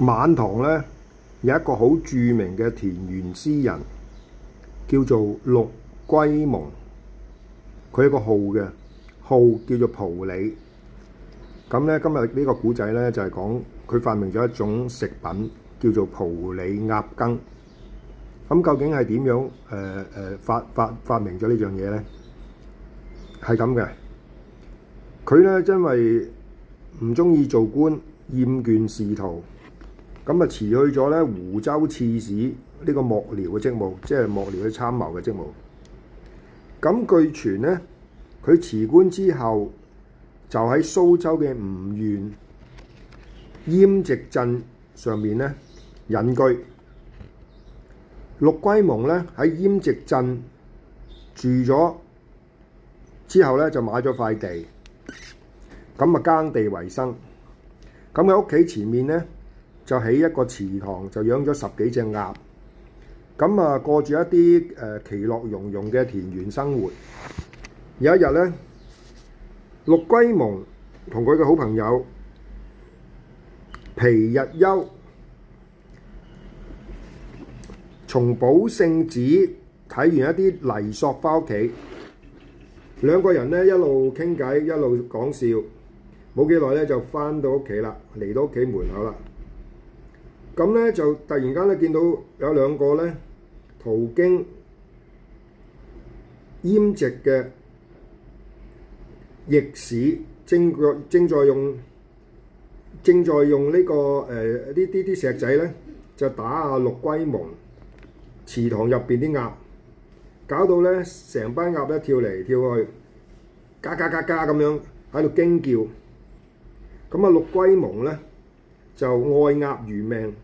晚唐咧有一個好著名嘅田園詩人，叫做陸龜蒙。佢一個號嘅號叫做甫里呢。咁咧今日個呢個古仔咧就係、是、講佢發明咗一種食品叫做甫里鴨羹。咁、嗯、究竟係點樣？誒、呃、誒發發發明咗呢樣嘢咧？係咁嘅。佢咧因為唔中意做官，厭倦仕途。咁啊，辭去咗咧湖州刺史呢、這個幕僚嘅職務，即係幕僚嘅參謀嘅職務。咁據傳咧，佢辭官之後就喺蘇州嘅吳縣淹直鎮上面咧隱居。陸龜蒙咧喺淹直鎮住咗之後咧就買咗塊地，咁啊耕地為生。咁喺屋企前面咧，就起一個池塘，就養咗十幾隻鴨，咁啊過住一啲誒、呃、其樂融融嘅田園生活。有一日咧，陸龜蒙同佢嘅好朋友皮日休從保聖寺睇完一啲泥塑，翻屋企，兩個人咧一路傾偈，一路講笑，冇幾耐咧就翻到屋企啦，嚟到屋企門口啦。咁咧就突然間咧見到有兩個咧途經淹植嘅逆市，正在正在用正在用呢個誒呢啲啲石仔咧，就打下陸龜蒙祠堂入邊啲鴨，搞到咧成班鴨一跳嚟跳去，嘎嘎嘎嘎咁樣喺度驚叫。咁啊，陸龜蒙咧就愛鴨如命。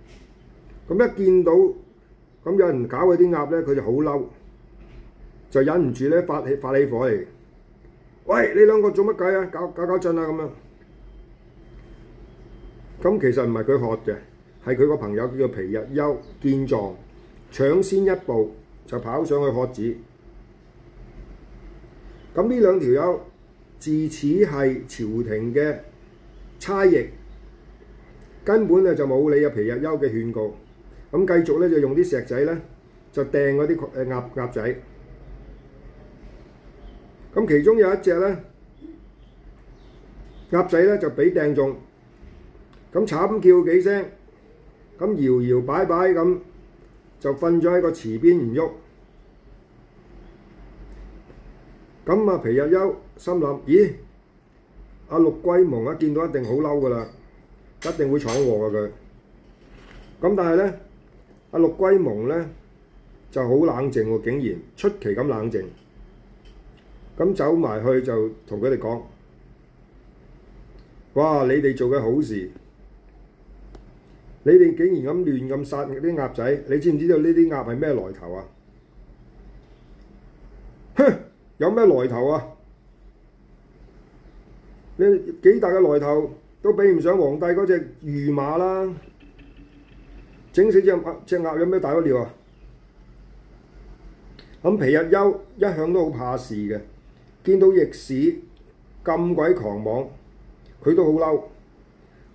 咁一見到咁有人搞佢啲鴨咧，佢就好嬲，就忍唔住咧發起發起火嚟。喂，你兩個做乜計啊？搞搞搞震啦咁樣。咁其實唔係佢喝嘅，係佢個朋友叫做皮日休見狀，搶先一步就跑上去喝止。咁呢兩條友自此係朝廷嘅差役，根本咧就冇理阿皮日休嘅勸告。咁繼續咧就用啲石仔咧，就掟嗰啲誒鴨鴨仔。咁其中有一隻咧，鴨仔咧就俾掟中，咁慘叫幾聲，咁搖搖擺擺咁就瞓咗喺個池邊唔喐。咁啊皮日休心諗：咦，阿陸龜蒙一見到一定好嬲噶啦，一定會闖禍噶佢。咁但係咧。阿陸龜蒙呢就好冷靜喎、啊，竟然出奇咁冷靜，咁走埋去就同佢哋講：哇！你哋做嘅好事，你哋竟然咁亂咁殺啲鴨仔，你知唔知道呢啲鴨係咩來頭啊？哼！有咩來頭啊？你幾大嘅來頭都比唔上皇帝嗰隻御馬啦！整死隻鴨，隻鴨有咩大不了啊？咁皮日休一向都好怕事嘅，見到逆史咁鬼狂妄，佢都好嬲。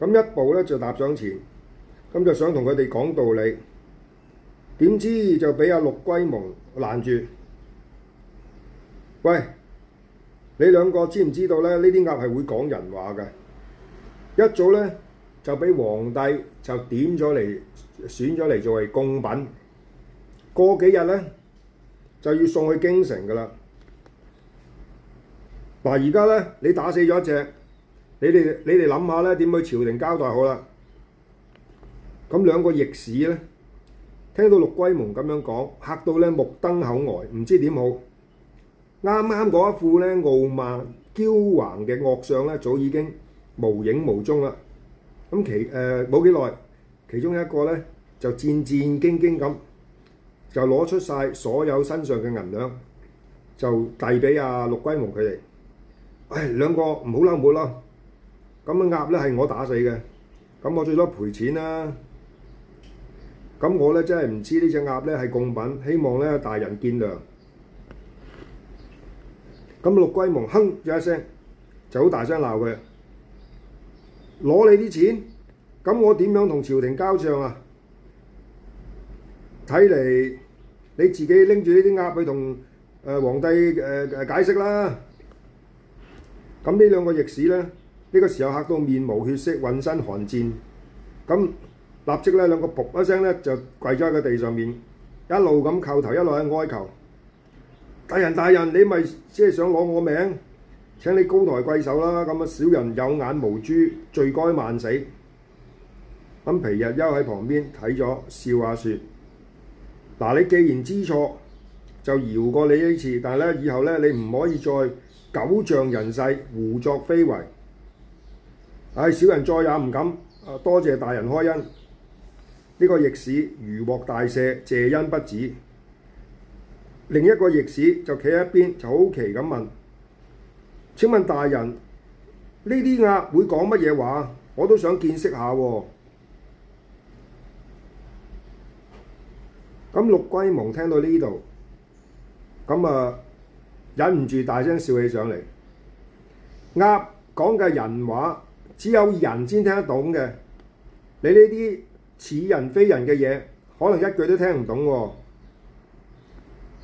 咁一步咧就踏上前，咁就想同佢哋講道理。點知就俾阿、啊、陸龜蒙攔住，喂，你兩個知唔知道咧？呢啲鴨係會講人話嘅。一早咧就俾皇帝就點咗你。選咗嚟作為供品，過幾日咧就要送去京城噶啦。嗱，而家咧你打死咗一隻，你哋你哋諗下咧點去朝廷交代好啦？咁兩個逆史咧聽到陸龜蒙咁樣講，嚇到咧目瞪口呆，唔知點好。啱啱嗰一副咧傲慢驕橫嘅惡相咧，早已經無影無蹤啦。咁其誒冇幾耐。呃其中一個咧就戰戰兢兢咁，就攞出晒所有身上嘅銀兩，就遞俾阿、啊、陸龜蒙佢哋。唉、哎，兩個唔好嬲，唔好嬲。咁啲鴨咧係我打死嘅，咁我最多賠錢啦、啊。咁我咧真係唔知呢隻鴨咧係供品，希望咧大人見諒。咁陸龜蒙哼咗一聲，就好大聲鬧佢，攞你啲錢！咁我點樣同朝廷交賬啊？睇嚟你自己拎住呢啲鴨去同誒、呃、皇帝誒誒、呃、解釋啦。咁呢兩個逆史咧，呢、呢個時候嚇到面無血色，渾身寒戰。咁立即咧兩個卟一聲咧就跪咗喺個地上面，一路咁叩頭，一路喺度哀求：大人大人，你咪即係想攞我命？請你高抬貴手啦！咁啊，小人有眼無珠，罪該萬死。咁皮日休喺旁邊睇咗笑下，説：嗱，你既然知錯，就饒過你呢次。但係咧，以後咧，你唔可以再狗仗人勢、胡作非為。唉、哎，小人再也唔敢。多謝大人開恩。呢、這個逆使如獲大赦，謝恩不止。另一個逆使就企喺一邊，就好奇咁問：請問大人，呢啲鴨會講乜嘢話？我都想見識下喎、啊。咁陸龜蒙聽到呢度，咁啊忍唔住大聲笑起上嚟。鴨講嘅人話只有人先聽得懂嘅，你呢啲似人非人嘅嘢，可能一句都聽唔懂喎、啊。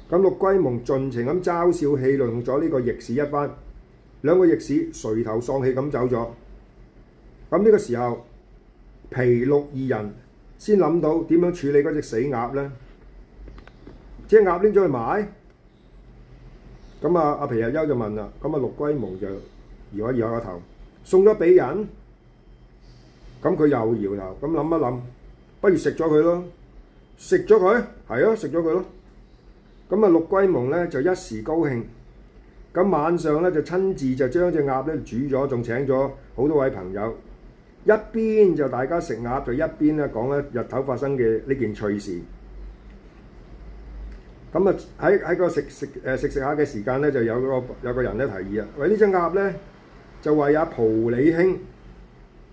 咁陸龜蒙盡情咁嘲笑氣涼咗呢個驛使一番，兩個驛使垂頭喪氣咁走咗。咁呢個時候，皮陸二人先諗到點樣處理嗰隻死鴨咧？隻鴨拎咗去買，咁啊阿皮日休就問啦，咁啊陸龜蒙就搖一搖下個頭，送咗俾人，咁佢又搖頭，咁諗一諗，不如食咗佢咯，食咗佢，係啊，食咗佢咯，咁啊陸龜蒙咧就一時高興，咁晚上咧就親自就將隻鴨咧煮咗，仲請咗好多位朋友，一邊就大家食鴨，就一邊咧講咧日頭發生嘅呢件趣事。咁啊，喺喺個食食誒食食下嘅時間咧，就有個有個人咧提議啊，喂，呢隻鴨咧就為阿甫里兄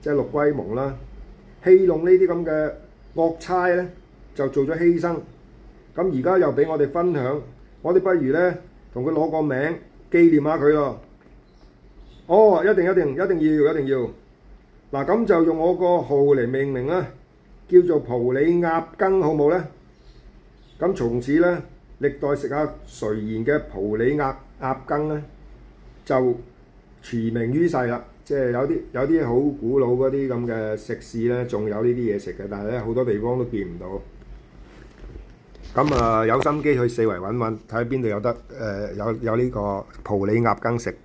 即係陸龜蒙啦，戲弄呢啲咁嘅惡差咧就做咗犧牲。咁而家又俾我哋分享，我哋不如咧同佢攞個名紀念下佢咯。哦，一定一定一定要一定要嗱，咁就用我個號嚟命名啦，叫做甫里鴨羹，好唔好咧？咁從此咧，歷代食家垂涎嘅甫里鴨鴨羹咧，就馳名於世啦。即係有啲有啲好古老嗰啲咁嘅食肆咧，仲有呢啲嘢食嘅，但係咧好多地方都見唔到。咁啊、呃，有心機去四圍揾揾，睇下邊度有得誒、呃、有有呢個甫里鴨羹食。